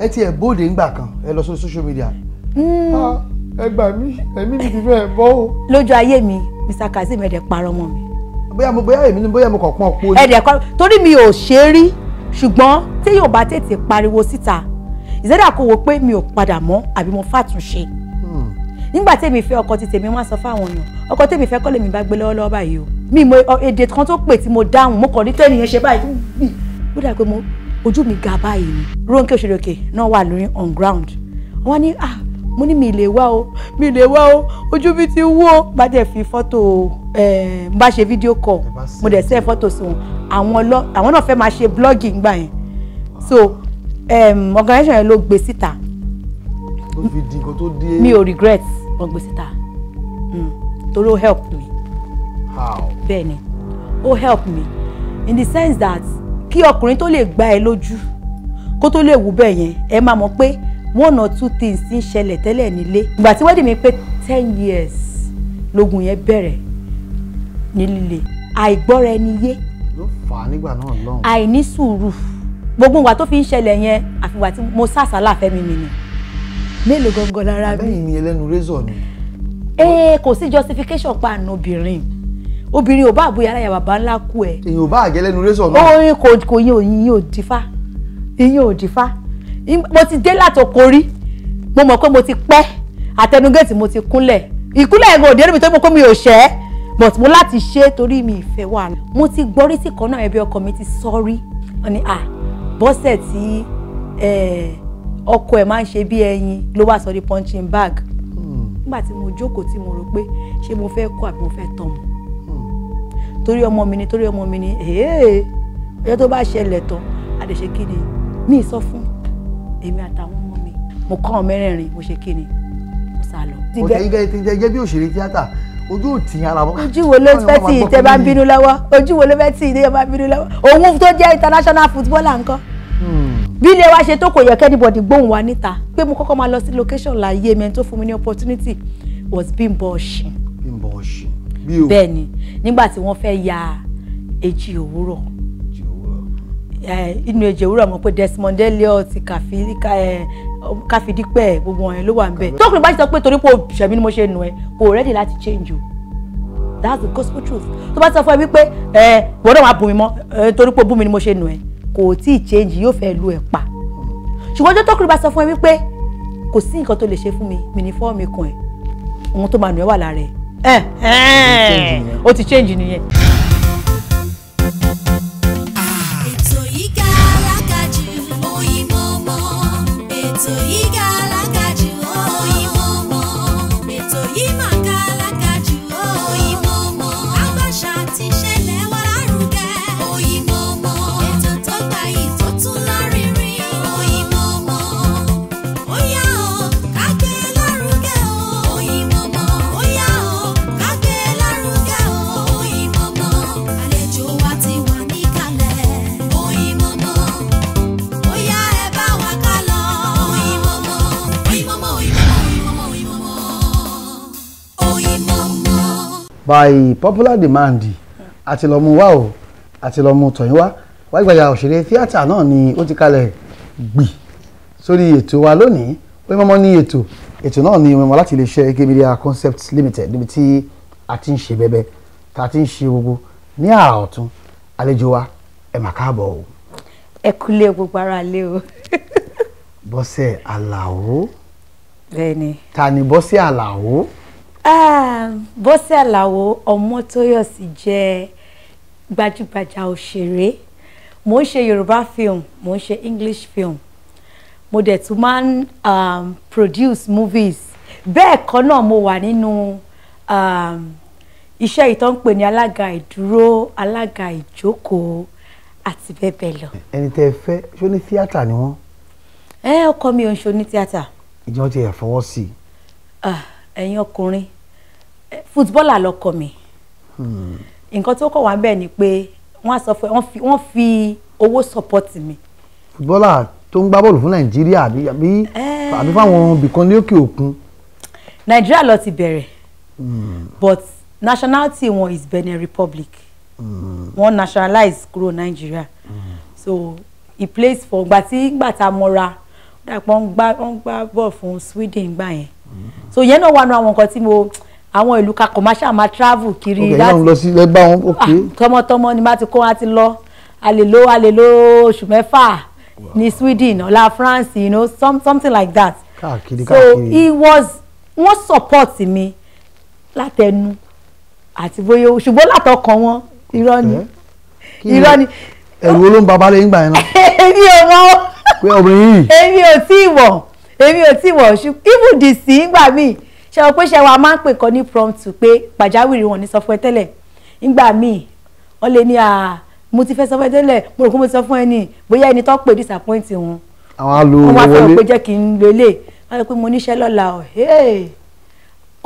ẹ ti ẹ̀ bóde ńgbà kan ẹ lọ sórí social media. Hmm. Ah, ẹ gbà mí ẹ̀mí mi ti fẹ́ bọ́ o. lójú ayé mi Mr. Kazeem ẹ̀dẹ̀ parọ́ mọ́ mi. bóyá mo bóyá èmi ni bóyá mo kàn pọ́n pọ́n. ẹ̀dẹ̀ kọ́ torí mi ò ṣe é rí ṣùgbọ́n tí yóò bá tètè pariwo síta ìṣẹ́dá kò wò pé mi ò padà mọ́ àbí mo fàtúnṣe hmm. nígbà tèmi fẹ́ ọkọ ti tèmi wá sọ fáwọn èèyàn ọkọ tèmi fẹ́ kọ́ mi bá gbé lọ́wọ́lọ́wọ́ báyìí o mi mo èdè kan tó pè tí mo dáhùn mo kàn ní tẹ́nìyẹn ṣe báyìí ó dà pé mo ojú mi ga báyìí ni Rónkẹ́ Òṣèrèkè náà wà lórí on ground wọ́n ní ah mo ní mi lè wá o mi lè wá o ojú mi ti wú o bá dẹ̀ fi fọ́tò ẹ̀ eh, ń bá ṣe fídíò call mo dẹ̀ sẹ́ fọ́tò sí wọn àwọn lọ àwọn náà fẹ́ máa ṣe blogging gbà yẹn so organisation yẹn ló gbé síta mi ò regret wọ́n gbé síta hmm, torí ó help me bẹ́ẹ̀ ni ó help me in the sense that kí ọkùnrin tó lè gba ẹ lójú kó tó lè wù bẹ́ẹ̀ yẹn ẹ máa mọ̀ pé one or two things ti ń ṣẹlẹ̀ tẹ́lẹ̀ nílé ìgbà tí wedding pé ten years lógun yẹn bẹ̀rẹ̀ ní àìgbọ́ra ẹni yé àìní sùúrù gbogbo ìgbà tó fi ń ṣẹlẹ̀ yẹn àfìgbà tí mo sàṣàlà fẹ́mi mi ni mélòó gangan lára mi. abẹ́yìn ni ẹlẹ́nu rẹ́zọ̀ ni. ee kò sí justification pa àna obìnrin. No obìnrin ò bá àbúyá aláya bàbá ńlá kú ẹ. èyàn ò bá àgẹ́lẹ́nu rẹ́sọ̀ náà. orin kò kò yín ò yín ò dífá yín ò dífá mo ti dé látòkò rí mo mọ̀ pé mo ti pẹ́ àtẹnugẹ́ẹ̀tì mo ti kúnlẹ̀ ìkúnlẹ̀ ẹ̀gàn òde níbi tó mọ̀ pé mi ò ṣẹ́ but mo láti ṣe torí mi ìfẹ́ wà. mo ti gbọ́ sí kan náà ẹbí ọkọ mi ti sọ rí wọn ah bọ́sẹ̀ tí ọkọ ẹ̀ máa ń ṣe bí ẹyin ló wá sọ punching bag hmm. nígbà tí mo jókòó tí mo rò pé ṣé mo fẹ́ kọ́ àbí mo fẹ́ tọ́ mọ́ torí ọmọ mi ni torí ọmọ mi ni ee ọjọ́ tó bá ṣẹlẹ̀ tán a lè ṣe kí ni mí sọ fún èmi àtàwọn ọmọ mi mo kọ́ ọ mẹ́rẹ̀ẹ̀rin mo ṣe kí ni mo sá lọ. òtẹ̀ yìí gẹ́gẹ́ ti jẹ́ gẹ́gẹ́ bí òṣèré tíátà ojú ò tì yín ara wọn. ojú wo ló fẹ́ tì í bá ń bínú lọ́wọ́ ojú wo ló fẹ́ tì í bá ń bínú lọ́wọ́ òun tó jẹ́ international footballer ńkọ́ hmm. bí ilé wa ṣe tó kò yẹ kẹ́nìbọ̀dì gbóhùn wa níta pé mo kọ́kọ́ máa lọ sí location láàyè mi ẹni tó fún mi ní opportunity was Bimbo Oshin. Bimbo Oshin bí o bẹ́ẹ̀ ni nígbà tí wọ́n fẹ́ ya èjì òwúrọ̀ inú èjì òwúrọ̀ mọ̀ pé Desmond Elliot káfídípẹ̀ gbogbo wọn ló wà ń bẹ̀ tókùnrin bá ti sọ pé torí pé o ṣẹ̀mí ni mo ṣe nù ẹ kò ready láti change o that's the gospel truth tó bá sọ fún ẹ wípé ẹ gbọ́dọ̀ máa bù mí mọ́ torí pé o bú mi ni mo ṣe nù ẹ kò tí ì change yóò fẹ́ lu ẹ̀ pa ṣùgbọ́n ọjọ́ tókùnrin bá sọ fún ẹ wípé kò sí nǹkan tó lè ṣe fún mi mi ní fọ́ọ̀mù kan ẹ̀ ohun tó máa nù ẹ́ wà lára ẹ̀ ẹ ẹ o ti change nìyẹn. by popular demand àti lọ mú wá o àti lọ mú tọ̀yìn wá wáyé gbàgbà òṣèré tíátà náà ni ó ti kalẹ̀ gbì sórí ètò wa lónìí ó mọ́mọ́ ní ètò ètò náà ni mọ́mọ́ láti iléeṣẹ́ AK Media Concepts Limited níbi tí a ti ń ṣe bẹ́bẹ́ tá a ti ń ṣe gbogbo ní àọ̀tún àlejò wa ẹ mà káàbọ̀ o. ẹ kúlé gbogbo ara lé o. Bọ́sẹ̀ Àlàó. bẹ́ẹ̀ ni. ta ni Bọ́sẹ̀ Àlàó. Ah, Bọ́sẹ̀ Àlàó Ọmọ́tóyọ̀sí jẹ́ gbajúgbajà òṣèré mo ń ṣe Yorùbá film mo ń ṣe English film mo dẹ̀ tún máa ń um, produce movies bẹ́ẹ̀ kan náà mo wà nínú um, iṣẹ́ ìtọ́ ń pè ní alága ìdúró alága ìjókòó àti bẹ́ẹ̀ bẹ́ẹ̀ lọ. ẹni tẹ fẹ́ ṣó ní tíátà ni wọ́n. ẹ ọkọ mi ò ń ṣe oní ìjọ ti ẹ̀ fọwọ́ sí i. Ah ẹ̀yin ọkùnrin fútbọ́ọ̀lù àlọ́kọ mi hmm. nǹkan tó kọ̀ wá bẹ́ẹ̀ ni pé wọ́n sọ wọ́n fi owó support mi. fútbọ́ọ̀lù tó ń gbá bọ́ọ̀lù fún nàìjíríà àbí àbí eh. fáwọn ibìkan ní òkè òkun. nàìjíríà ló ti bẹ̀rẹ̀ hmm. but nationality wọn is Benin Republic mm. wọn nationalize kúrò nàìjíríà mm. so he plays for gbàtí gbàtà mọ́ra ó dàpọ̀ ń gbá bọ́ọ̀lù fún Sweden gbà yẹn so yẹn náà wà nù àwọn nǹkan tí mo àwọn ìlú kakọ̀ máa ṣáà máa travel kiri láti ok yẹn náà lọ sí ilẹ̀ bá wọn ok ah, tọmọtọmọ ni bá ti kó wọn ti lọ a lè oṣù mẹ́fà ní Sweden ọ̀la France you know some, something like that káàkiri káàkiri so he was wọ́n support mi látẹnu àti bóyá ṣùgbọ́n látọkàn wọn irọ́ ni eh? irọ́ ni ẹ̀rù olóńgbà balẹ̀ ń gbà yẹn náà èmi ò mọ̀ èmi ò tí ì wọ̀ èmi ò tí wọ̀ ṣú even the sí ngbà míì ṣe wọ pé ṣe wa máa ń pè kọ́ ní promptu pé pàjáwìrì wọn ní sọ fún ẹ tẹ́lẹ̀ ngbà míì wọ́n lè ní mo ti fẹ́ sọ fún ẹ tẹ́lẹ̀ mo rò pé mo ti sọ fún ẹ ní bóyá ẹni tó pè disappoint wọn. àwọn alo wọlé wọn wá fẹ́ràn pé jẹ́ kí n lo ilé lè pé mo níṣẹ́ lọ́la ọ̀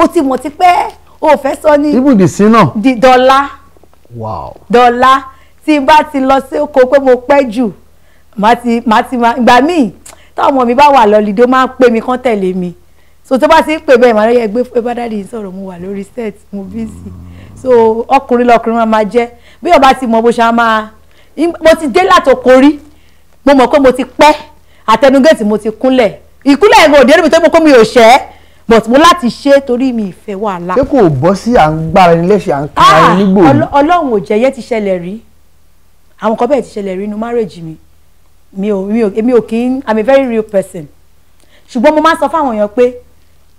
ó ti mọ̀ ti pẹ́ o fẹ́ sọ ní. even the sin náà. di dọ́là. wow. dọ́là tí n bá ti lọ sí oko pé mo pẹ́ jù màá ti màá ti máa gbà míì táwọn mi bá wà lọ́lídé ó máa ń pè mí kán tẹ̀lé mi so tó bá ti ń pè bẹ́ẹ̀ màá yẹ gbé pé bá dáàdi ń sọ̀rọ̀ mo wà lórí set mo bísí so ọkùnrin lọkùnrin máa máa jẹ́ bí ọba ti mọ bó ṣe máa mo ti dé látòkórí mo mọ̀ pé mo ti pẹ́ àtẹnugẹ́ẹ̀tì mo ti kúnlẹ̀ ìkúnlẹ̀ ẹ̀gbọ́n òde mi tó mọ̀ pé mi ò ṣẹ́ but mo láti ṣe torí mi ìfẹ́ wàhálà. ṣé kò bọ́ sí à ń gbára ẹni lẹ́sẹ̀ à ń kára ẹni nígbò. Ah! ọlọ́run ò jẹ́ yẹ́ ti ṣẹlẹ̀ rí àwọn kan bẹ́ẹ̀ ti ṣẹlẹ̀ rí inú márèjì mi mi ò mi ò èmi ò kì i'm a very real person ṣùgbọ́n mo máa ń sọ fáwọn èèyàn pé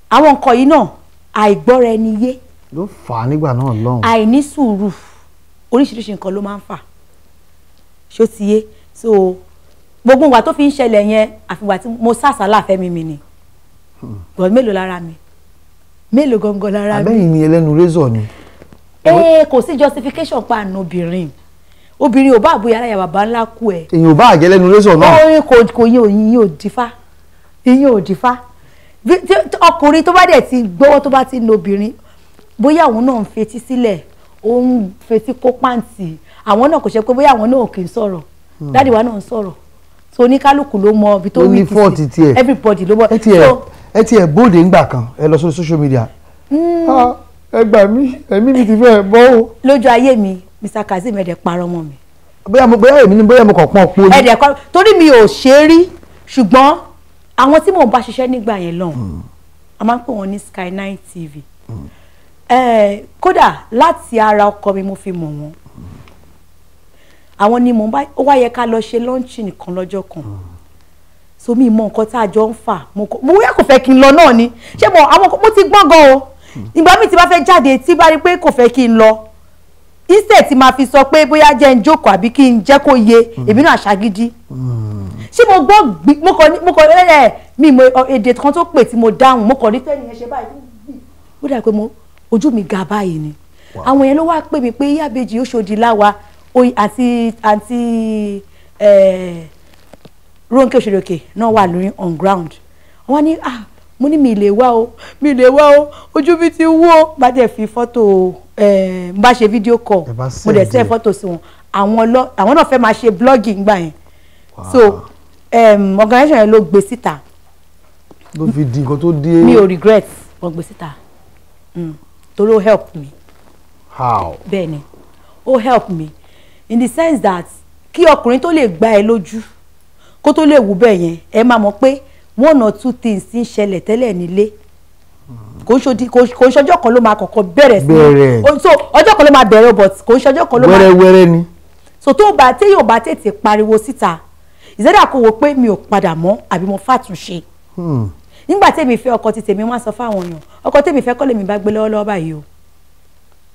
àwọn nǹkan yìí náà àìgbọ́ra ẹni yé ló fà á nígbà náà lọ́hùn àìní sùúrù oríṣiríṣi nǹkan ló máa ń fà ṣó ti yé so gbogbo ìgbà tó fi ń ṣẹlẹ̀ yẹn àfìgbà tí mo sàṣàlà fẹ́mi mi ni gbọ́n hmm. mélòó lára mi mélòó gangan lára mi. àbẹ́yìn ni ẹlẹ́nu rézọ̀ ni. ee kò sí justification pa àna obìnrin. No obìnrin ò bá àbúyá aláya bàbá ńlá kú ẹ. èyàn ò bá àjẹ lẹ́nu lẹsọ náà. orin kò kò yín òyìn yín ò dífá yín ò dífá ọkùnrin tó bá dẹ̀ ti gbọ́wọ́ tó bá ti ń lo obìnrin bóyá àwọn náà ń fetí sílẹ̀ ó ń fetí kó pàǹtì àwọn náà kò ṣe pé bóyá àwọn náà kì í sọ̀rọ̀ hmm. dáàdì wa náà ń sọ̀rọ̀ so oníkálukú ló mọ ibi tó wí ti sí everybody ló mọ. ẹ ti ẹ bóde ńgbà kan ẹ lọ sórí social media hmm. ah, ẹ gbà mí ẹ̀mí mi ti fẹ́ bọ́ o. lójú ayé mi Mr. Kazeem ẹ̀dẹ̀ parọ́ mọ́ mi. bóyá mo bóyá èmi ni bóyá mo kàn pọ́n poli. ẹ̀dẹ̀ kọ́ torí mi ò ṣe é rí ṣùgbọ́n àwọn tí mò ń bá ṣiṣẹ́ nígbà yẹn lọ́hùn hmm. a máa ń pè wọ́n ní Sky Nine TV hmm. kódà láti ara ọkọ mi mo fi mọ̀ wọ́n hmm. àwọn ni mò ń bá ó wá yẹ ká lọ ṣe lọ́ńchì nìkan lọ́jọ́ kan so mi mọ nǹkan tá a jọ ń fà mo wíyà kò fẹ́ kí n lọ náà ni ṣé mo àwọn mo ti gbọ́n gan o ìgbà mi ti bá fẹ́ jáde tí bá rí pé kò fẹ́ kí n lọ instead ti máa fi sọ pé bóyá jẹ́ ń jókòó àbí kí n jẹ́ kó yé hmm. èmi náà ṣàgídí hmm. ṣé mo gbọ́ mo kọ mo kọ ẹ mi mo èdè kan tó pè tí mo dáhùn mo kọ rí tẹ́ni yẹn ṣe báyìí ó dà pé mo ojú mi ga báyìí ni àwọn yẹn ló wá pè mí pé yábejì ó ṣòdì láwa àti àti Rónkẹ́ Òṣèrèkè náà wà lórí on ground wọ́n ní ah mo ní mi lè wá o mi lè wá o ojú mi ti wú o bá dẹ̀ fi fọ́tò ẹ̀ bá ṣe fídíò kọ̀ mo dẹ̀ tẹ́ fọ́tò sí wọn àwọn lọ àwọn náà fẹ́ máa ṣe blogging gbà yẹn so um, organisation yẹn ló gbé síta. ló fi di nǹkan tó dé. mi ò regret wọ́n gbé síta hmm, torí ó help me. how. bẹ́ẹ̀ ni ó help me in the sense that kí ọkùnrin tó lè gbá ẹ lójú kó tó lè wù bẹ́ẹ̀ yẹn ẹ máa mọ̀ pé one or two things ti ń ṣẹlẹ̀ tẹ́lẹ̀ nílé kò ń ṣọjọ́ ló máa kọ́kọ́ bẹ̀rẹ̀ sí so ọjọ́ kan ló máa bẹ̀rẹ̀ but kò ń ṣọjọ́ kan ló máa wẹ́rẹ́wẹ́rẹ́ ni so tó bá tẹ́ yóò bá tètè pariwo síta ìṣẹ́dá kò wò pé mi ò padà mọ́ àbí mo fàtúnṣe hmm. nígbà tèmi fẹ́ ọkọ ti tèmi máa sọ fáwọn èèyàn ọkọ tèmi fẹ́ kọ́ lèmi bá gbé lọ́wọ́lọ́wọ́ báyìí o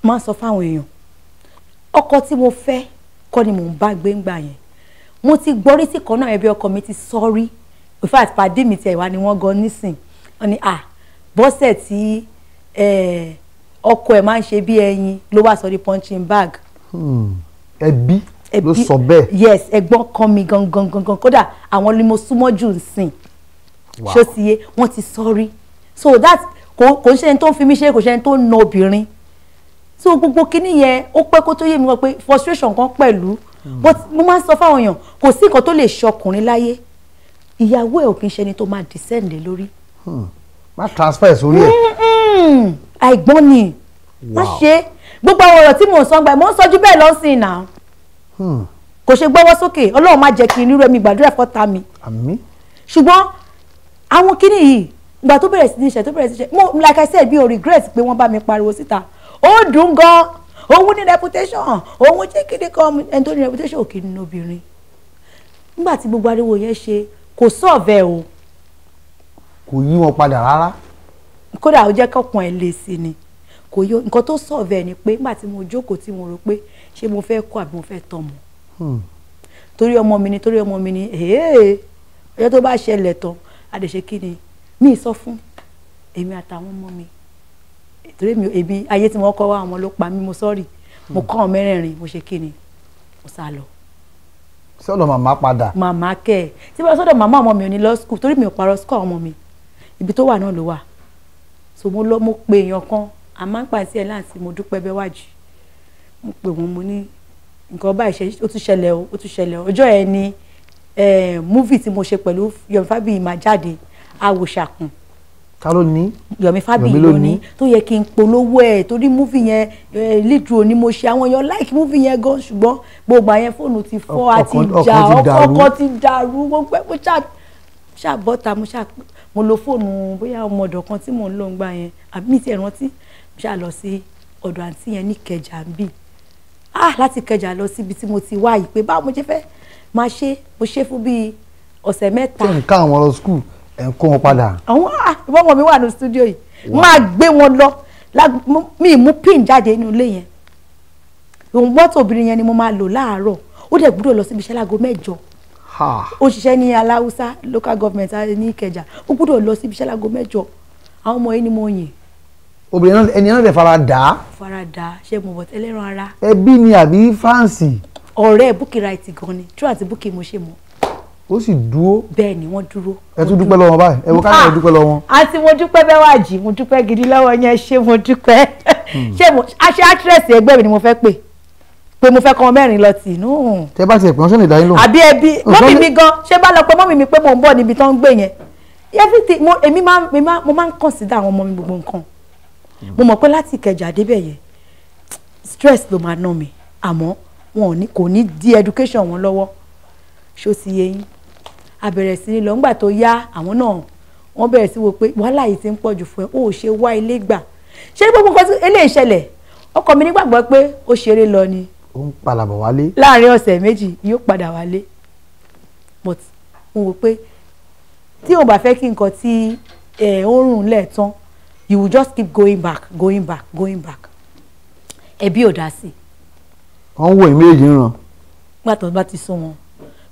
máa sọ fáwọn èèyàn ọkọ tí mo fẹ́ kọ́ ni mò ń bá gbé ńgbà yẹn mo ti gbọ́ rí kan náà ẹbí ọkọ mi ti sọ in fact pàdé mi tiẹ̀ wá ni wọ́n gan nísìn wọ́n Ni à bọ́sẹ̀ tí ọkọ ẹ̀ máa ń ṣe bí ẹyin ló wá sọ di punching bag. Hmm. ẹbí ló sọ bẹ́ẹ̀. yes ẹ̀gbọ́n kan mi gangan gangan kódà àwọn ni mo súnmọ́ jù ń sìn ṣó ti yé wọ́n ti sọ́rí so that kò ń ṣe ẹni tó ń fi mí ṣe kò ń ṣe ẹni tó ń na obìnrin so gbogbo kinní yẹn ó pẹ́ kó tó yé mi wọ́n pé frustration kan pẹ̀lú hmm. but mo máa ń sọ fáwọn èèyàn kò sí nǹkan tó lè ṣọkùnrin láyé ìyàwó ẹ̀ ò kì í ṣe ẹni tó máa descend lórí. Hmm. má transfer sórí ẹ̀. àìgbọ́n ni má ṣe gbogbo àwọn ọ̀rọ̀ tí mò ń sọ gba ẹ̀ mò ń sọjú bẹ́ẹ̀ lọ́sìn náà hmm. kò ṣe gbọ́wọ́ sókè ọlọ́run má jẹ́ kí n nírú ẹ̀mí gbàdúrà ẹ̀fọ́ ta mi. ṣùgbọ́n àwọn kinní yìí ìgbà tó bẹ̀rẹ̀ sí ní ṣe tó bẹ̀rẹ̀ sí ṣe mo like I said bí o regret pé wọ́n bá mi pariwo síta ó dùn gan òun ní reputation òun jẹ́ kíndìkan ẹni tó ní reputation ò kì í nínú obìnrin nígbà tí gbogbo ariwo yẹn ṣe kò sọ̀vẹ̀ o. kò yí wọn padà rárá. kódà ó jẹ́ kọ́kàn ẹ̀ lè sí ni kò yọ nǹkan tó sọ̀vẹ̀ ni pé nígbà tí mo jókòó tí mo rò pé ṣé mo fẹ́ kọ́ àbí mo fẹ́ tọmọ. Hmm. torí ọmọ mi ni torí ọmọ mi ni ẹ̀ẹ́ ọjọ́ tó bá ṣẹlẹ̀ tán àdèṣe kí ni mí sọ fún èmi àtàwọn ọmọ mi torí mi èmi ayé tí mo kọ́ wá àwọn ló pa mí mo sọ́ọ̀rì mo hmm. kọ́ ọ mẹ́rẹ̀ẹ̀rin mo ṣe kí ni mo sá lọ sọ́dọ̀ màmá padà. màmá kẹ ẹ tí bá sọ́dọ̀ màmá ọmọ mi ò ní lọ skul torí mi ò parọ́ skul ọmọ mi ibi tó wà náà ló wà so mo lọ mo pe èèyàn kan àmọ́ ń pàṣẹ ẹ̀ láǹtí mo dúpẹ́ bẹ́ẹ̀ wájú mo pè wọ́n mo ní nǹkan báyìí ó tún ṣẹlẹ̀ ó tún ṣẹlẹ̀ ọjọ́ ẹ ni eh, múvì tí mo ṣe pẹ̀lú Yomi Fabiyi máa àwòṣàkùn ta ló ní Yomi Fabiyi ló ní tó yẹ kí n polówó ẹ torí múfì yẹn eh, lídùú òní mo ṣe àwọn èèyàn láìkí múfì yẹn gan ṣùgbọ́n gbogbo àyẹn fóònù ti fọ́ àti ìjà ọkọ̀ ti dàrú gbogbo ẹ̀ mo ṣàbọ̀ta mo ṣà mo lo fóònù bóyá ọmọ ọ̀dọ̀ kan tí mò ń lò ń gbà yẹn àbí mi rántí mo ṣà lọ sí ọ̀dọ̀ àǹtí yẹn ní kẹjà ń bì ah láti kẹjà lọ síbi tí mo ti wá yìí pé báwo mo ṣe fẹ́ máa ṣe mo ṣe fún bíi ọ̀sẹ̀ mẹ́ta. tí n ká àwọn lọ skul ẹ ń kó wọn padà. àwọn ah, ìbọ̀wọ̀ mi wà ní studio yìí máa gbé wọn lọ mi mú pin jáde inú ilé yẹn òun mọ́tò obìnrin yẹn ni mo máa lò láàárọ̀ ó dẹ̀ gbúdọ̀ lọ síbi iṣẹ́ láago mẹ́jọ ó ní aláwùsá local government ní Ìkẹjà ó gbúdọ̀ lọ síbi iṣẹ́ láago mẹ́jọ àwọn ọmọ yìí ni mo yìn. obìnrin náà ẹni náà lè fara dà. fara dà ṣe mo bọ̀ tẹ́lẹ̀ ran ara. ẹbí ni àbí fáǹsì. ọ̀rẹ́ Bukky Wright gan ni true àti Bukky mo ṣe mọ́ ó sì dúró. bẹ́ẹ̀ ni wọ́n dúró. ẹ tún dúpẹ́ lọ́wọ́ báyìí ẹ wo ká ah, ẹ dúpẹ́ lọ́wọ́ wọn. àti mo dúpẹ́ Bẹ́wàjí mo dúpẹ́ gidi lọ́wọ́ yẹn ṣé mo dúpẹ́ hmm. ṣé mo aṣọ àtírẹ̀sì ẹgbẹ́ mi ni mo fẹ́ pè pé mo fẹ́ kọ́ mẹ́rin lọ tì nù. tẹ bá tiẹ̀ pé wọ́n ṣe lè dá yín lóhùn. àbí ẹbí mọ́mì mi gan ṣé bá lọ pé mọ́mì mi pé mò ń bọ̀ níbi tó ń gbé yẹn everything mo èmi máa mo máa ń consider àwọn ọmọ mi gbogbo nǹkan hmm. mo mọ̀ pé láti Ìkẹjà débẹ̀ yẹn stress ló máa ná mi àmọ́ wọn kò ní di education wọn lọ́wọ́ ṣó ti yé yín àbẹ̀rẹ̀ sí ní lọ tó yá àwọn náà wọ́n bẹ̀rẹ̀ sí wo pé wàhálà yìí ti ń pọ̀jù fún ẹ ó ṣe wá ilé gbà ṣé gbogbo nǹkan eléyìí ṣẹlẹ̀ ọkọ mi nígbàgbọ́ pé ó ṣeré lọ ni. ó ń palàbọ̀ wálé. láàrin ọ̀sẹ̀ méjì yóò padà wálé but mo wò pé tí o bá fẹ́ kí nǹkan tí ó rùn lẹ̀ tán you will just keep going back going back going back ẹbí ò dá sí. wọ́n ń wo ìméjì ń ràn. nígbà tó bá ti sún wọn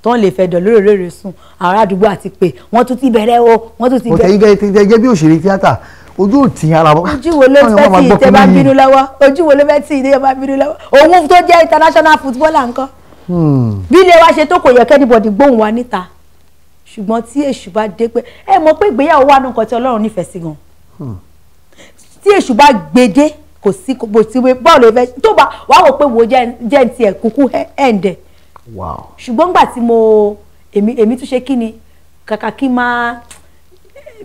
tó ń lè fẹ́ dọ̀ lóòrèèrè sùn ará àdúgbò àti pé wọ́n tún ti bẹ̀rẹ̀ o wọ́n tún ti bẹ̀rẹ̀. òtẹ̀ yìí gẹ́gẹ́ bí òṣèré tíátà ojú ò tì ara wọn. ojú wo ló fẹ́ tí ìtẹ́ bá bínú lọ́wọ́ ojú wo ló fẹ́ tí ìtẹ́ bá bínú lọ́wọ́ òun tó jẹ́ international footballer ńkọ́. Hmm. bí ilé wa ṣe tó kò yẹ kẹ́nìbọ̀dì gbóhùn wa níta ṣùgbọ́n tí èṣù bá dé pé ẹ mọ̀ pé ìgbéyàwó wà nǹkan tí Ọlọ́run nífẹ̀ẹ́ sí gan hmm. tí ṣùgbọ́n gbà tí mo èmi èmi tún ṣe kí ni kàkà kí n máa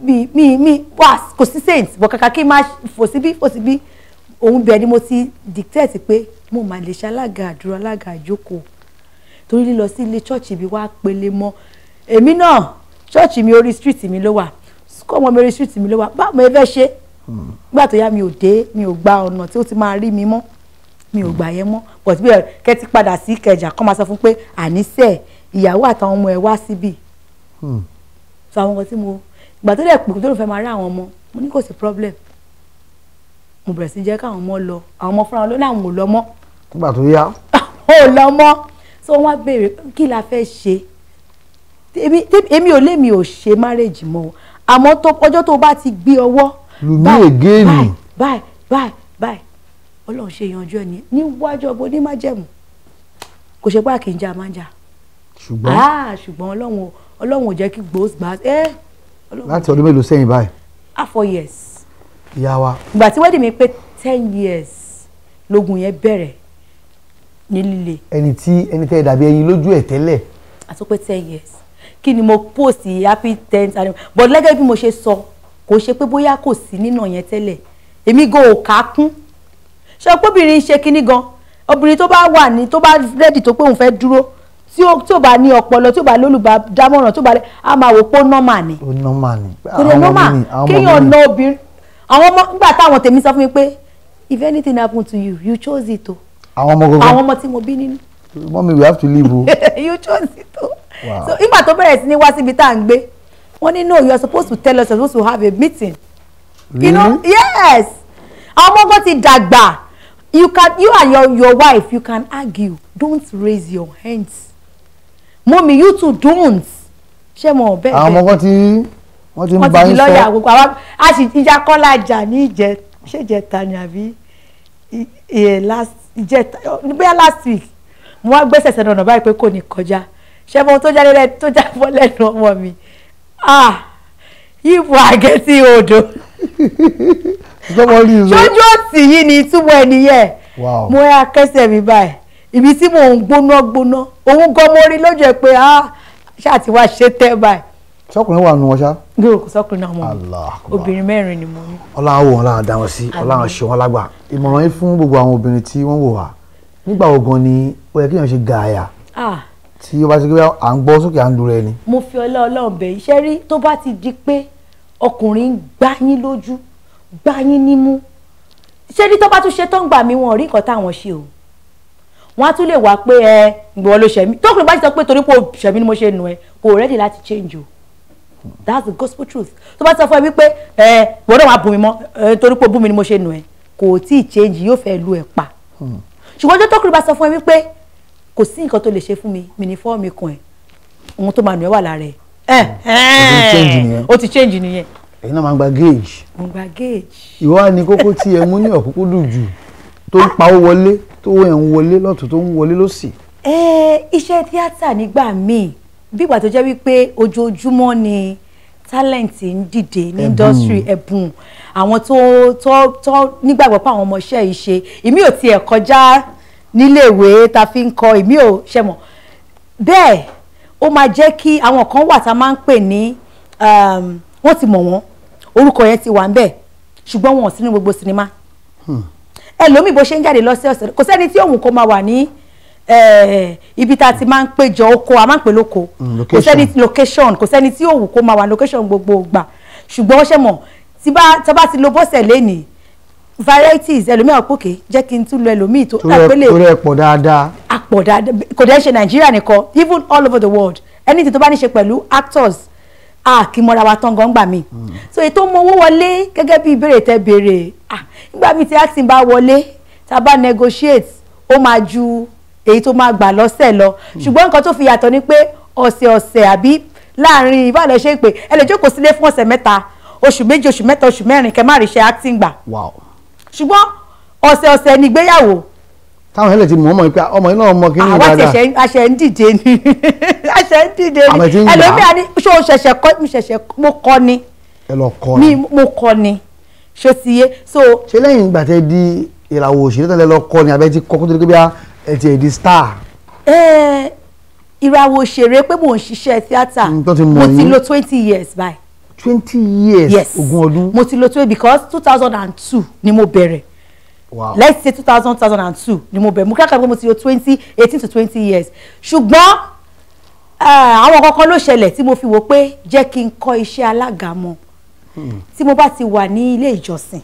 mi mi mi wá kò sí saint but kàkà kí n máa fò síbí fò síbí òun bẹ̀ ni mo ti dictate pé mo mà lè ṣe alága àdúrà alága àjókòó torí lílọ sí ilé chọ́ọ̀chì mi wá pele mọ́ èmi náà chọ́ọ̀chì mi orí street mi ló wà sukọ́ ọmọ mi orí street mi ló wà báwo ẹ fẹ́ ṣe hmm. nígbà tó yá mi ò dé mi ò gba ọ̀nà tí ó ti máa rí mi mọ́ mi ò gbà yẹn mọ́ but bí kẹ́ ti padà sí Ìkẹjà kọ́ máa sọ fún pé àníṣe ìyàwó àtàwọn ọmọ ẹ̀ wá síbì hmm. so àwọn nǹkan tí mo ìgbà tó dẹ̀ pè kó tó lè fẹ́ máa rí àwọn ọmọ mo ní kò sí problem mo bẹ̀rẹ̀ sí jẹ́ káwọn ọmọ lọ àwọn ọmọ fúnra wọn ló ní àwọn ò lọ mọ́. nígbà tó yá. ò lọ mọ́ so wọ́n á béèrè kí la fẹ́ ṣe èmi ò lémi ò ṣe márèjì mọ́ àmọ́ ọjọ́ tó bá ti gbé ọwọ́. lùmí ègé nì. báyìí báyìí báyìí ọlọ́run ṣe yanjú ẹ̀ ní níwájú ọbọ onímájẹ̀mú kò ṣe pé a kì í máa ń jà ṣùgbọ́n ah ṣùgbọ́n ọlọ́run ọlọ́run ò jẹ́ kí gbòó gbà ẹ́. Eh, láti ọdún mélòó sẹ́yìn báyìí. a four years. ìyá wa. ìgbà tí wedding mi pé ten years lógun yẹn bẹ̀rẹ̀ ní líle. ẹni tí ẹni tẹ́ ẹ dàbí ẹyin lójú ẹ̀ tẹ́lẹ̀. àti ten years kí ni mo post happy tenth anniversary but gẹ́gẹ́ bí mo ṣe sọ kò ṣe pé bóyá kò sí nínà yẹn tẹ́lẹ̀ èmi gan ò kà á kún ṣe ọpọbìnrin ṣe kinní gan obìnrin tó bá wà ní tó bá rẹ́dì tó pé òun fẹ́ dúró tí ó tí ó bá ní ọpọlọ tí ó bá lólùbá dámọ̀ràn tí ó bá lẹ a máa wò pé ó nọ́mà ni. ó nọ́mà ni àwọn ọmọ mi àwọn ọmọ mi kéèyàn ná obìnrin àwọn ọmọ nígbà táwọn tèmi sọ fún mi pé if anything happen to you you chose it o. àwọn ọmọ gbogbo àwọn ọmọ tí mo bí nínú. mọ́mi we have to leave o. you chose it o. so nígbà tó bẹ̀rẹ̀ sí ní wá síbi tá à ń gbé wọ́n ní no you are supposed to tell us you are supposed to have a meeting. Really? you know yes àwọn ọmọ gan ti dàgbà you can you and your your wife you can argue don't raise your hands mommy you too don't ṣé mo bẹ́ẹ̀ bẹ́ẹ̀ àwọn ọmọ kan tí wọ́n ti ń bá yín sọ wọ́n ti di lọ́ọ̀yà gbogbo àwọn a sì ìjà kọ́lá jà ní ìjẹ ṣé ìjẹta ni àbí ìyẹ eh, last ìjẹta bóyá last week mo wá gbé sẹ̀sẹ̀ nànà báyìí pé kò ní kọjá ṣé mo tó jáde lẹ́nu tó jábọ́ lẹ́nu ọmọ mi ah yìí bu odò jójó tì yí ni ìtumọ̀ ẹ̀ nìyẹn mo ra kẹsẹ̀ mi báyìí ibi tí mò ń gbóná gbóná òun gan mo rí lójú ẹ pé ṣáà ti wá ṣe tẹ́ báyìí sọkùnrin wà nù wọn ṣá. yóò kò sọkùnrin náà mọ obìnrin mẹ́rin ni mo ní. ọlọ́run wò wọn lára dá wọn sí ọlọ́run ṣe wọn lágbà ìmọ̀ràn yín fún gbogbo àwọn obìnrin tí wọ́n wò wá nígbà wo gan ni ó yẹ kí èèyàn ṣe gààyà tí ó bá ṣe pé à ń gbọ́ sókè à ń lu rẹ ni. mo fi ọlá ọlọ́run bẹ̀ iṣẹ́ rí tó bá ti gbá yín nímú ṣé ní tó bá tún ṣe tán gbà mí wọn ò rí nǹkan táwọn ṣe o wọn á tún lè wá pé ẹ ìgbọ̀n ló ṣẹ̀mí tó kùnú bá ti sọ pé torí pé ṣẹ̀mí ni mo ṣe nù ẹ kò ready láti change o that's the gospel truth tó bá ti sọ fún ẹ wípé ẹ wọn náà wàá bù mí mọ́ ẹ torí pé o bù mí ni mo ṣe nù ẹ kò tí ì change yóò fẹ́ lu ẹ̀ pa hmm. ṣùgbọ́n tó kùnú bá sọ fún ẹ wípé kò sí nǹkan tó lè ṣe fún mi mi ní fọ́ọ̀mù kan ẹ̀ ohun tó máa nù ẹ wà lára ẹ ẹ ẹ o ti change nìyẹn ẹ̀yin náà máa ń gba gauge. mo gba gauge. ìwọ á ní kókó tí ẹ mú ní ọ̀kúnkúndùn jù tó ń pawó wọlé tó wọ ẹ̀ ń wọlé lọ́tún tó ń wọlé lọ́sì. ẹ iṣẹ́ tíátà nígbà míì bí ìgbà tó jẹ́ wípé ojoojúmọ́ ni talent ń dìde ní industry ẹ̀bùn àwọn tó tó tó nígbàgbọ́ pé àwọn ọmọọṣẹ́ yìí ṣe èmi ò tiẹ̀ kọjá níléèwé ta fi ń kọ èmi ò ṣe mọ̀ bẹ́ẹ̀ ó máa jẹ́ kí àwọn kan wà tá a máa ń pè ní um, wọ́n ti mọ̀ wọ́n orúkọ yẹn ti wà ń bẹ̀ ṣùgbọ́n wọn ò sí ní gbogbo sinimá hmm. ẹlòmíì bó ṣe ń jáde lọ́sẹ̀ọ̀sẹ̀ kò sẹ́ni tí òun kò máa wà ní ibi tá a ti máa ń péjọ oko a máa ń pè lóko hmm, kò sẹ́ni location kò sẹ́ni tí òun kò máa wà location gbogbo ìgbà ṣùgbọ́n ó ṣe mọ̀ tí bá ti lo bọ́sẹ̀ lénìí varieties ẹlòmíì àpòkè jẹ́ kí n tún lo ẹlòmíì tó àgbélé tó rẹ̀ pọ̀ dáadáa àpọ̀ dáadáa kò dẹ́ ṣe nàìjíríà nìkan even all over the world anything tó bá ní ṣe pẹ̀lú actors a kì í mọ́ra wa tán gan gbà mí so ètò mọ owó wọlé gẹ́gẹ́ bí ìbéèrè tẹ béèrè nígbà míì tí acting bá wọlé tá a bá negotiate ó máa ju èyí tó máa gbà lọ́sẹ̀ lọ hmm. ṣùgbọ́n nǹkan tó fi yàtọ̀ ni pé ọ̀sẹ̀ ọ̀sẹ̀ àbí láàrin ìbálẹ̀ ṣe pé ẹ lè jókòó sílé fún ọ̀sẹ̀ mẹ́ta oṣù méje oṣù mẹ́ta oṣù mẹ́rin kẹ má ríṣẹ́ acting gbà ṣùgbọ́n ọ̀sẹ̀ ọ̀sẹ̀ ni ìgbéyàwó táwọn ẹlẹ́ ti mọ̀ ọmọ ìpè ọmọ iná ọmọ kí ni dáadáa. àwọn àṣẹ ń dìde ni àṣẹ ń dìde ni ẹlòmíà ni ṣé o ṣẹ̀ṣẹ̀ kọ́ mi ṣẹ̀ṣẹ̀ mo kọ́ ni mi mo kọ́ ni ṣé ti yé so. ṣé lẹ́yìn ìgbà tẹ́ di ìràwọ̀ òṣèré tẹ́lẹ̀ lọ kọ́ ni abẹ́ ti kọ́ kó tó di pé ẹ ti ẹ̀ di star. ẹ ìràwọ̀ òṣèré pé mò ń ṣiṣẹ́ tíátà mm, mo ti lò twenty years báyìí. twenty years ogún ọdún. mo ti lò twenty because two thousand and two ni mo bẹ̀rẹ̀ wow. let's say two thousand thousand and two ni mo bẹ̀rẹ̀ mo kíákà pé mo ti yo twenty eighteen to twenty years ṣùgbọ́n eh, àwọn kankan ló ṣẹlẹ̀ tí mo fi wò pé jẹ́ kí n kọ́ iṣẹ́ alága mọ́ hmm. tí mo bá ti wà ní ilé ìjọsìn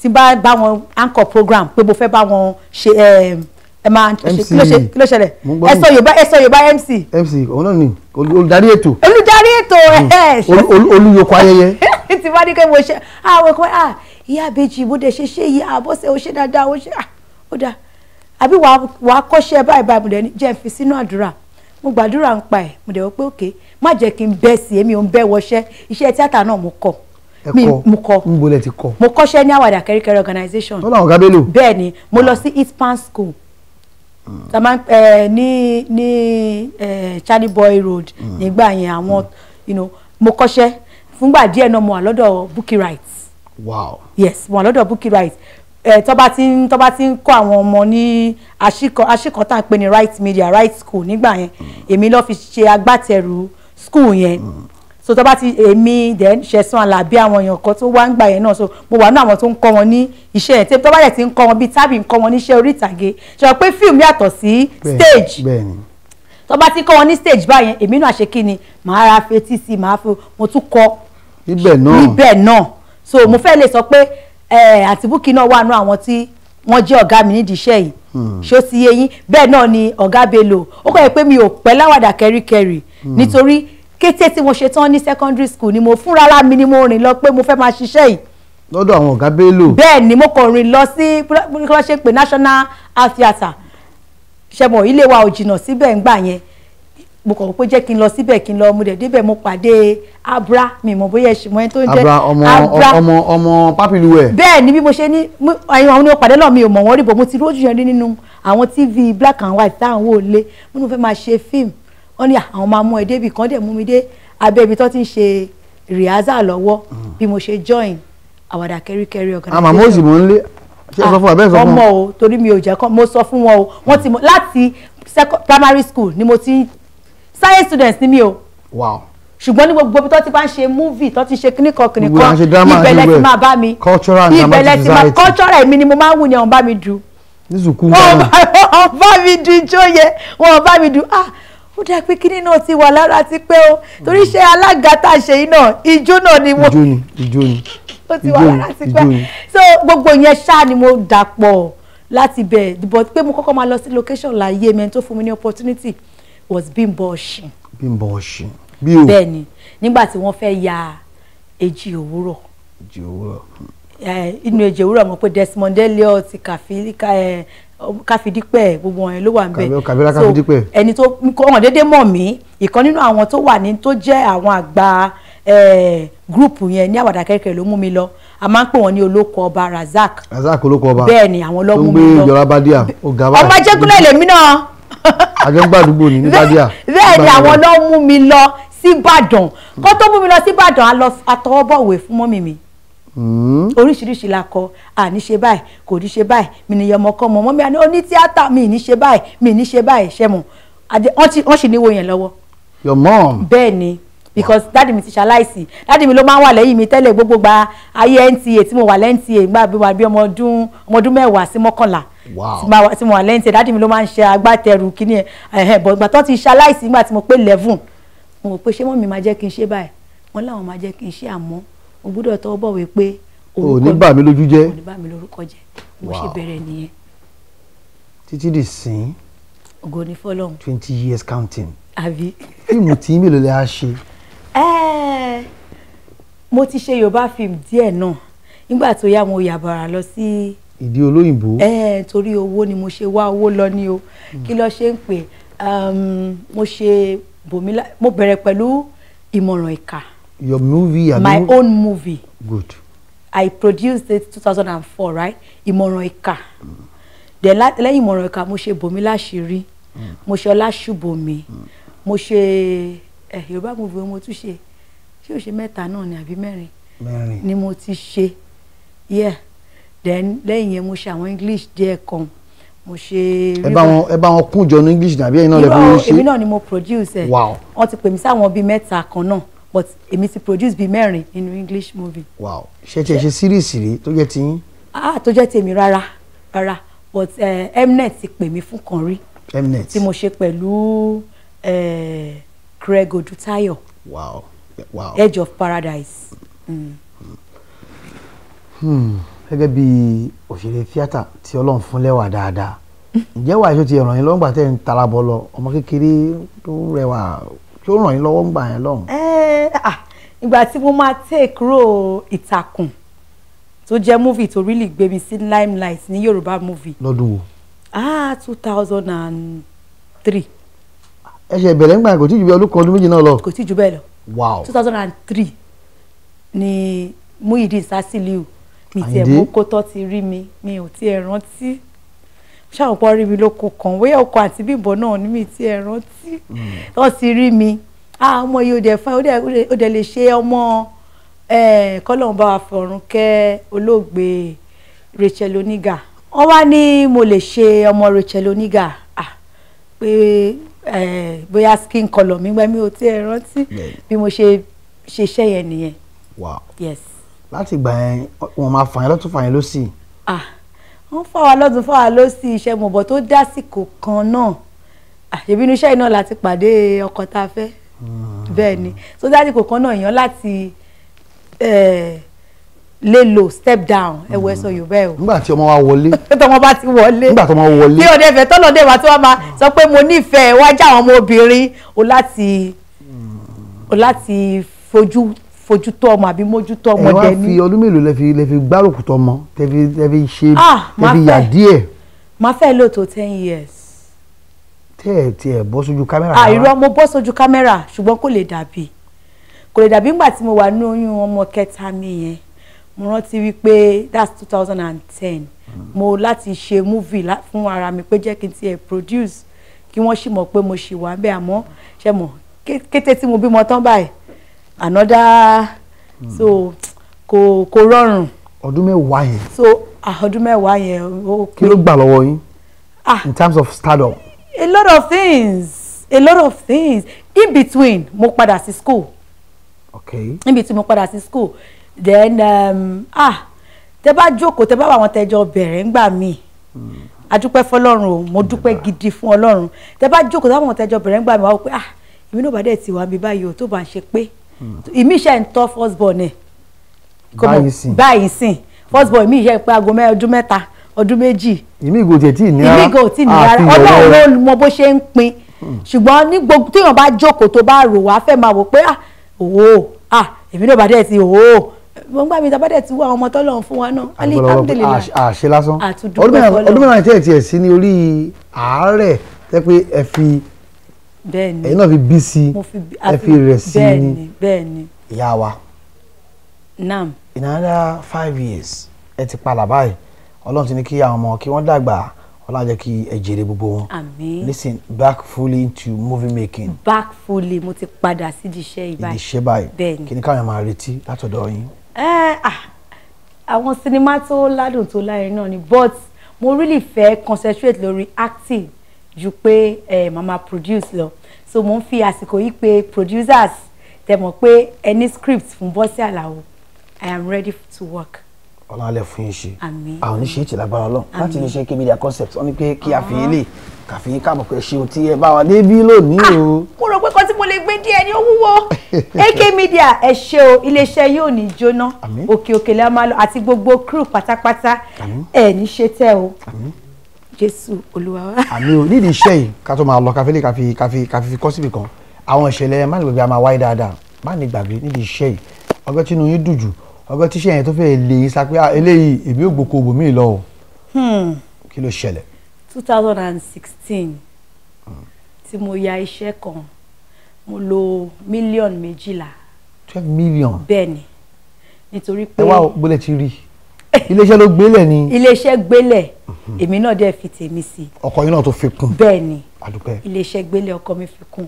tí bá bá wọn anchor program pé mo fẹ́ bá wọn ṣe eh, ẹ máa ṣe kí ló ṣẹlẹ̀ ẹ sọ yorùbá ẹ sọ yorùbá mc. mc òun náà ni olùdarí ètò. olùdarí ètò ẹ mm. ṣe. olùyòkó ayẹyẹ. ti bá ní kí mo ṣe ah, àwọn ẹ̀kọ́ ah ìyá abèjì mo dẹ̀ ṣe ṣe yìí àbọ̀sẹ̀ ah, ó ṣe dáadáa ó ṣe ah ó dáa àbí wàá kọ́ṣẹ́ báyìí báyìí mo dẹ̀ ní jẹ́ fi sínú àdúrà mo gbàdúrà ń pa ẹ̀ mo dẹ̀ wọ́n pé òkè má jẹ́ kí n bẹ́ sí èmi ò ń bẹ́ wọṣẹ́ iṣẹ́ tíátà náà mo kọ́ mo kọ́ mo kọ́ṣẹ́ ní àwàdà kẹ́ríkẹ́rí organization. ó làwọn gábélò. bẹ́ẹ̀ ni mo lọ sí eastpan school ta ma ẹ ní ní ẹ eh, Charlie Boy Road mm. nígbà yẹn àwọn mm. you know mo kọ́ṣẹ́ fúngbà díẹ̀ náà mo wà lọ́dọ̀ Bukky Wright. wow yes mo wà lọ́dọ̀ Bukky Wright ẹ eh, tọ́ba ti ń tọ́ba ti ń kọ́ àwọn ọmọ ní àṣìkọ àṣìkọ tá à ń pè ní Right Media Right School nígbà yẹn mm. èmi lọ fi ṣe agbátẹrù school yẹn. Mm so tó bá ti èmi then ṣẹ̀sán alábí àwọn èèyàn kan tó wá ń gbà yẹn náà so mo wà ní àwọn tó ń kọ́ wọn ní iṣẹ́ ẹ̀ tó bá dẹ̀ ti ń kọ́ wọn bíi tábì ń kọ́ wọn níṣẹ́ orí ìtàgé ṣe pé fíìmù yàtọ̀ sí stage tó bá ti kọ́ wọn ní stage báyẹn èmi náà ṣe kí ni màá ra fetí sí màá fi mo tún kọ́ ibẹ̀ náà so mo fẹ́ lè sọ pé àti Bukky náà wà nú àwọn tí wọ́n jẹ́ ọ̀gá mi nídìí iṣẹ́ yìí hmm. ṣó ti yé yín bẹ́ẹ̀ náà ni ọ̀gá Bello ó kọ́ ẹ pé mi ò pẹ́ láwàdà kẹ́ríkẹ́rí hmm. nítorí kété tí mo ṣe tán ní secondary school ni mo fúnra ara mi ni mo rìn lọ pé mo fẹ́ máa ṣiṣẹ́ yìí. lọ́dọ̀ àwọn ọ̀gá Bello. bẹ́ẹ̀ ni mo kàn rìn lọ sí bí wọ́n ṣe ń pè national art theatre ṣẹ̀mọ̀ ilé wa ò jìnnà síbẹ̀ ńgbà yẹn mo kàn pé jẹ́ kí n lọ síbẹ̀ kí n lọ mo dẹ̀ débẹ̀ mo pàdé abra mi mọ̀ bóyá ẹ̀sìn mọ́ ẹni tó ń jẹ́ abra ọmọ ọmọ pápílu ẹ̀. bẹ́ẹ̀ ni bí mo ṣe ní àyìn àwọn oníwọ̀n pàdé náà mi ò mọ̀ wọ́n rí bò mo ti rójú yẹn rí nínú àwọn tv black and white táwọn ò lé mo ní mo fẹ́ máa ṣe fíìmù wọ́n ní àwọn máa mú ẹ débi kan dẹ̀ mú mi dé abẹ́ tó ti ń ṣe rìhásà lọ́wọ́ mm. bí mo ṣe join àwàdà kẹ́ríkẹ́rí ọ̀gá. àmọ́ mo sì mọ̀ ń lé ṣé ẹ sọ fún wa bẹ́ẹ̀ sọ fún wa. ọmọ o torí mi ò jẹ́ kọ́ mo sọ fún wọn o wọ́n ti mọ láti primary school ni mo ti science students ni mi o. wow ṣùgbọ́n ní gbogbo ibi tó ti bá ń ṣe movie tó ti ṣe kíníkan kíníkan ìbẹ̀lẹ̀ ti máa bá mi ìbẹ̀lẹ̀ ti máa cultural mi ni mo máa ń wù ni àwọn bá mi dù. ní sùkúù wọn bá mi dù jóye wọn bá mi dù ah ó dáa pé kíní náà ti wà lára ti pẹ́ o torí iṣẹ́ alága tá a ṣe yìí náà ijó náà ni mo. ijó ni ijó ni ó ti wà lára so gbogbo yẹn ṣáà ni mo dàpọ̀ láti bẹ̀ but pé mo kọ́kọ́ máa lọ sí location láàyè mi tó fún mi ní opportunity was Bímbọ́ Ọ̀ṣìn. Bímbọ́ Ọ̀ṣìn bí o bẹ́ẹ̀ ni nígbà tí wọ́n fẹ́ ya èjì òwúrọ̀. èjì òwúrọ̀. inú èjì òwúrọ̀ mọ̀ pé Desmond Elliot kàfíríkà ẹ̀ káfídípẹ̀ gbogbo wọn ló wà níbẹ̀ kàbíra káfídípẹ̀ ẹni tó kọ̀ọ̀hàn dédé mọ̀ mí ìkan nínú àwọn tó wà ní tó jẹ́ àwọn àgbà gúrùpù yẹn ní àwàdà kẹ́kẹ́ ló mú mi lọ a máa ń pè wọ́n ní olóko ọba Razak Razak olóko ọba bẹ́ẹ̀ ni àwọn ló mú mi lọ tó ń gbé ìjọba Badia ọ̀gá báyìí ọmọ jẹ́kúnlẹ̀ lèmi náà àjọǹgbàdúgbò ní Badia bẹ́ẹ̀ ni àwọn ló mú mi lọ síbàdàn kó tó mú mi lọ síbàdàn a lọ àtọwọ́bọ̀wé fún mọ́mì mi Hmm? oríṣiríṣi la kọ àní ṣe báyìí kò ní ṣe báyìí mi ní yọmọkọ mọ mọmí àní oní tíátà mi ní ṣe báyìí mi ní ṣe báyìí ṣẹmu wọn sì níwò yẹn lọ́wọ́. your mom. bẹ́ẹ̀ because dadi mi ti ṣaláìsí dadi mi ló máa ń wà lẹ́yìn mi tẹ́lẹ̀ gbogbo gba ayé NTA tí mo wà lẹ́yìn NTA nígbà bí wà bí ọmọ ọdún ọmọ ọdún mẹ́wàá sí mọ́kànlá tí mo wà lẹ́yìn NTA dadi mi ló máa ń ṣe agbátẹrù kíní ẹ̀hẹ̀ bọ̀ gbàtọ́ ti ṣaláìsí nígbà tí mo pé eleven mo rò ṣé mọ́ mi máa jẹ́ kí n ṣe báyìí wọ́n láwọn máa jẹ́ kí n ṣe àmọ́ mo gbọ́dọ̀ tọwọ́ bọ̀wé pé orúkọ mi ò ní bà mí lójú jẹ́ ò ní bà lórúkọ jẹ́ mo ṣe bẹ̀rẹ̀ nìyẹn. títí di sìn. ògo ni fọlọ́hún. twenty years counting. àbí. fíìmù tí mélòó lè a ṣe. ẹẹ mo ti ṣe yorùbá fíìmù díẹ̀ náà nígbà tó yá mo yàbàrà lọ sí. ìdí olóyìnbó. ẹẹ torí owó ni mo ṣe wá owó lọ ní o hmm. kí ló ṣe ń pè mo ṣe bòmílà mo bẹ̀rẹ̀ pẹ̀lú ìmọ̀ràn ìkà Your movie, I My own movie. Good. I produced it 2004, right? Ìmọ̀ràn Ìkà. Mm. Then lẹ́yìn Ìmọ̀ràn Ìkà, mo ṣe Bòmí Láṣìírí, mo ṣe Ọláṣùbòmí, mo ṣe eh, Yorùbá movie mo tún ṣe ṣé o ṣe mẹ́ta náà ni àbí mẹ́rin ni mo ti ṣe yeah then lẹ́yìn yẹn mo ṣe àwọn English díẹ̀ kan mo ṣe. ẹ bá wọn ẹ bá wọn kún jọ ní English nàbí ẹ̀yin náà lè fi ṣe. irọ́ èmi náà ni mo produce ẹ̀ wọ́n ti pè mí sáwọn bíi mẹ́ta kan náà but èmi ti produce bíi mẹ́rin nínú English movie. wow ṣe tí ẹ ṣe síríìsì rí tó jẹ́ tiyín. ah tó jẹ́ tèmi rárá rárá but eh, Mnet ti pè mí fún kan rí. Mnet tí mo ṣe pẹ̀lú eh, Craig Odutayo. wow wow Edge of Paradise. Mm. Hmm. gẹ́gẹ́ bí òṣèré tíátà tí Ọlọ́run fún lẹ́wà dáadáa ǹjẹ́ wàá ṣe ti ràn yín lọ́wọ́ ńgbà tẹ́ ń tarabọ lọ ọmọ kékeré tó rẹwà tó ràn yín lọ́wọ́ ńgbà yẹn lọ́hùn. ẹ eh, ìgbà tí mo máa take role ìtàkùn tó jẹ́ movie tó really gbé mi sí limelight ní yorùbá movie. lọ́dún wo. ah two thousand and three. ẹ ìbẹ̀rẹ̀ ńgbà kò tí ju bí ọdún kan ọdún méjì náà lọ. kò tí ju bẹ́ẹ̀ lọ. wow two thousand and three ni Muyideen Sásìlíù mi tiẹ̀ mú kótó ti rí mi mi ò tiẹ̀ rántí ṣáà ọ̀pọ̀ rí mi lóko kan wíyà ọkọ̀ àti bímbọ náà ni mi tiẹ̀ rántí tó hmm. ti rí mi. Mm ah ọmọ yìí ó dẹ̀ fún ó dẹ̀ lè ṣe ọmọ kọ́lọ́n bá wa fọ̀run kẹ́ olóògbé Rachel Oniga wọ́n wá ní mo lè ṣe ọmọ Rachel Oniga ah pé bóyá skin colour mi gbẹ́mí o tí ẹ rántí bí mo ṣe ṣe yẹn nìyẹn. wow yes. láti ìgbà yẹn wọn máa fààyàn lọ́tún fààyàn lọ́sì. ah wọ́n fà wá lọ́tún fà wá lọ́sì iṣẹ́ mọ̀bọ̀ tó dásìkò kan náà àṣebínú ah, iṣẹ́ yìí náà láti pàdé ọkọ tá a fẹ́ bẹ́ẹ̀ ni so dájú kò kán náà èèyàn láti eh, lay low step down ẹ wọ ẹsọ mm. yorùbá ẹ o. nígbà tí ọmọ wa wọlé. tọmọ bá ti wọlé. nígbà tọmọ wọlé. bí ọdẹ ìfẹ́ tọnà dé wa tí wọn máa sọ pé mo nífẹ̀ẹ́ wájà àwọn ọmọ obìnrin o láti o láti fojú fojú tó ọmọ àbí mójú tó ọmọ dẹni. ẹ wá fi ọdún mélòó lẹ fi lẹ fi gbárùkù tọmọ tẹ fi tẹ fi ṣe ah, tẹ fi yà díẹ̀. máa fẹ́ lò tó ten years tẹ́ ẹ̀ tí ẹ̀ bọ́ sójú kámẹ́rà. àìrọ ah, mo bọ́ sójú kámẹ́rà ṣùgbọ́n kò lè dàbí kò lè dàbí ńgbà tí mo wà ní oyún ọmọ kẹta mi yẹn mo rántí wípé that's two thousand and ten mm. mo láti ṣe movie fún ara mi pé jẹ́ kí n tiẹ̀ produce kí wọ́n sì mọ̀ pé mo ṣì wà bẹ́ẹ̀ àmọ́ ṣe mọ̀ kété tí mo bímọ tán báyìí another mm. so kò kò rọrùn. ọdún mẹ́wàá yẹn. so ah, ọdún mẹ́wàá yẹn ó pé. kí ló gbà lọ́wọ́ yín. Ah. in terms of stardom lot of things a lot of things in between mo padà sí school okay in between mo padà sí school then um, ah tẹ bá jókòó tẹ bá wà wọn tẹjọ bẹ̀rẹ̀ ńgbà míì hmm. adúpẹ́ fọ́lọ́run o mo dúpẹ́ hmm. gidi fún Ọlọ́run tẹ bá jókòó tẹ bá wọn tẹjọ bẹ̀rẹ̀ ńgbà míì wà wọ pé ah èmi náà bá dẹ̀ ti wà mí báyìí o tó bá ń ṣe pé hmm. ìmí iṣẹ́ ń tọ́ first born ẹ̀ báyìí sìn báyìí sìn first born mi iṣẹ́ pé aago mẹ́ẹ̀ẹ́dún mẹ́ta ọdún méjì. ìmí ìgò tí ì ní ara ìmí ìgò tí ì ní ara ọlọ́run ló mọ bó ṣe ń pín ṣùgbọ́n ní gbogbo téèyàn bá jókòó tó bá rò wá fẹ́ máa wò pé ah òwò ah èmi náà bá dẹ̀ ti òwò mo ń gbà mí ìtàbádẹ́ ti wá ọmọ tọ́lọ́run fún wa náà alhamdulillah àṣẹ lásán ọdún mẹ́rin tí ẹ̀ tiẹ̀ sí ní orí àárẹ̀ tẹ́ pé ẹ fi ẹ̀yin náà fi bí sí ẹ fi rẹ̀ sí ní ìyá wa in another five years ẹ ti padà báyìí ọlọ́run ti ní kí àwọn ọmọ kí wọ́n dàgbà ọlọ́run jẹ́ kí ẹ jèrè gbogbo wọn. àmín listen back fully into movie making. back fully mo ti padà sí di iṣẹ́ ìbáyìí. ìdí iṣẹ́ báyìí bẹ́ẹ̀ni kí ni káwọn máa retí látọ̀dọ̀ yín. ẹ ah àwọn sinimá tó ládùn tó láyé náà ni but mo really fẹ́ concentrate lórí acting ju pé eh, mama produce lọ so mo ń fi àsìkò yìí pé producers tẹ̀ mọ̀ pé ẹni script fún Bọ́sẹ̀ Àlàó I am ready to work ọlọ́run alẹ́ fún yín ṣe àwọn oníṣe ètò lágbára ọlọ́run láti lè ṣe kí media concept wọ́n ní pé kí a fi yín lè kàfi yín káàbọ̀ pé ṣeun tí ẹ bá wa débí lónìí ah, o. mo rò pé kan tí mo lè gbé díẹ̀ ní ó wúwo AK Media ẹ ṣé o iléeṣẹ́ yóò ní jóná òkè òkè la máa lọ àti gbogbo crew pátápátá ẹ ní ṣe tẹ́ o Jésù Olúwa wa. àmì o nídìí iṣẹ́ yìí ká tó máa lọ káfílẹ̀ káfí káfí káfí fi kọ́ síbi kan àwọn ìṣẹ̀lẹ̀ má ní gbàgbé a máa wáyé dáadáa má ní gbàgbé nídìí iṣẹ́ yìí ọgbẹ́ tínú yín dùn jù ọgọ́ tíṣẹ́ yẹn tó fẹ́ lè yín sápẹ́ ah, eléyìí èmi ò gboko òbò mi lọ o hmm. kí ló ṣẹlẹ̀. two thousand and sixteen tí mo ya iṣẹ́ kan mo lo mílíọ̀nù méjìlá. twelve million. bẹ́ẹ̀ni nítorí pé. ẹ wá gbọ́dọ̀ ti rí i iléeṣẹ́ ló gbélẹ̀ ni. iléeṣẹ́ gbélẹ̀ mhm. èmi náà dẹ̀ fi tèmi sí. ọkọ yín náà tó fi kún. bẹ́ẹ̀ ni iléeṣẹ́ gbélẹ̀ ọkọ mi fi kún.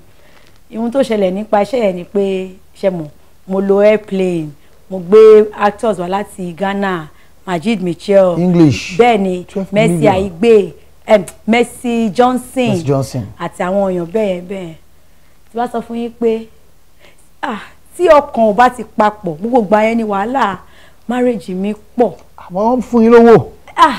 ihun tó ṣẹlẹ̀ nípa iṣẹ́ yẹn ni pé ṣe mọ̀ mo lo airplane mo gbé actors wá láti Ghana Majid Michel, English bẹ́ẹ̀ni Mercy Aigbe um, Mercy Johnson Johnson àti àwọn èèyàn bẹ́ẹ̀ bẹ́ẹ̀ tí wọ́n sọ fún yín pé ah tí ọkàn ò bá ti papọ̀ gbogbo gba ẹni wàhálà marriage mi pọ̀. àmọ́ fún yín lówó. ah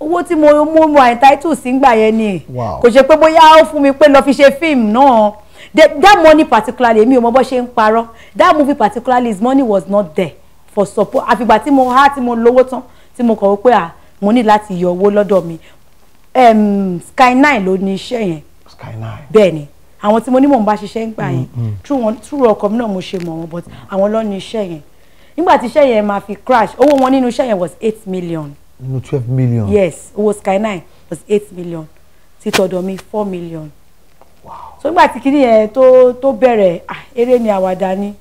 owó tí mo mú mo entitled sí gbà yẹn ni kò ṣe pé bóyá ó fún mi pé lọ fi ṣe fíìmù náà that money particularly èmi ò mọ bó ṣe ń that movie particularly his money was not there for support àfìgbà tí mo há tí mo lówó tán tí mo kọ̀ wọ́n pé à mo ní láti yọ owó lọ́dọ̀ sky nine ló ní iṣẹ́ yẹn sky nine Beni. ni àwọn tí mo ní mò ń bá ṣiṣẹ́ ń gbà yẹn true O mi náà mo ṣe mọ̀ but àwọn ló ní iṣẹ́ yẹn nígbà tí iṣẹ́ yẹn máa fi crash Owo wọn nínú iṣẹ́ yẹn was eight million. No twelve million. yes owó sky nine was eight million títọ̀dọ̀ mi four million so nígbà tí kinní yẹn tó tó bẹ̀rẹ̀ eré ni àwàdà ni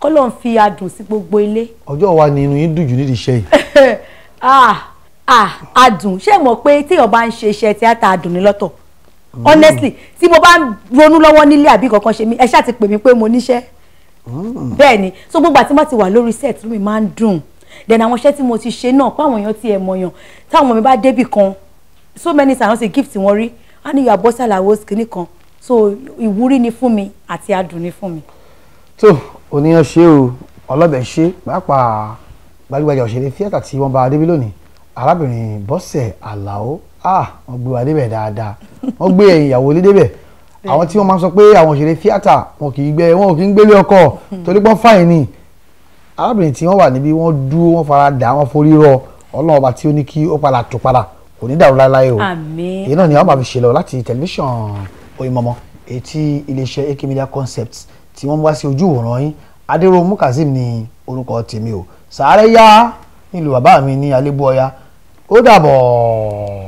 kọ́lọ́ ń fi adùn sí gbogbo ilé. ọjọ́ wa ni inú yín dùn jù nídìí iṣẹ́ yìí. ah ah adùn ṣé mọ̀ pé téèyàn bá ń ṣe iṣẹ́ tíátà adùn ní lọ́tọ̀ mm. honestly tí mo bá ń ronú lọ́wọ́ nílé àbí kankan ṣe mí ẹ ṣáà ti pè mí pé mo níṣẹ́ mm. bẹ́ẹ̀ ni so gbogbo àti má ti wà lórí set mi máa ń dùn then àwọn iṣẹ́ tí mo ti ṣe náà pé àwọn èèyàn ti ẹ̀ mọ̀yàn táwọn mi bá débì kan so many times wọ́n ṣe gift wọn rí á ní ìyàbọ̀ sàlàwọ́ kìíní kan so ìwúrí ni fún mi àti adùn ni fún mi. tó oníyan ṣe o ọlọ́bẹ̀ ṣe pàápàá gbajúgbajà òṣèré fíátà tí wọ́n bá débi lónìí arábìnrin bọ́sẹ̀ àlàó ah wọ́n gbé wa débẹ̀ dáadáa wọ́n gbé ẹ̀yìn ìyàwó ilé débẹ̀ àwọn tí wọ́n máa ń sọ pé àwọn òṣèré fíátà wọn kì í gbé wọn kì í gbélé ọkọ torí pọ́n fáìn ni arábìnrin tí wọ́n wà níbi wọ́n dúró wọ́n fara dà wọ́n forí rọ ọlọ́run ọba tí ó ní kí ó padà tó padà kò ní dàrú láéláé o èyí náà ni a máa fi ṣe lọ láti tẹlifíṣàn Oyinmomo èyí tí AK Media Concepts tí wọ́n wá sí ojú ìwòran yín Adéròmú Kazeem ni orúkọ tèmi o sàárẹ̀ yá nílùú bàbá mi ní Alébúọyá ó dàbọ̀.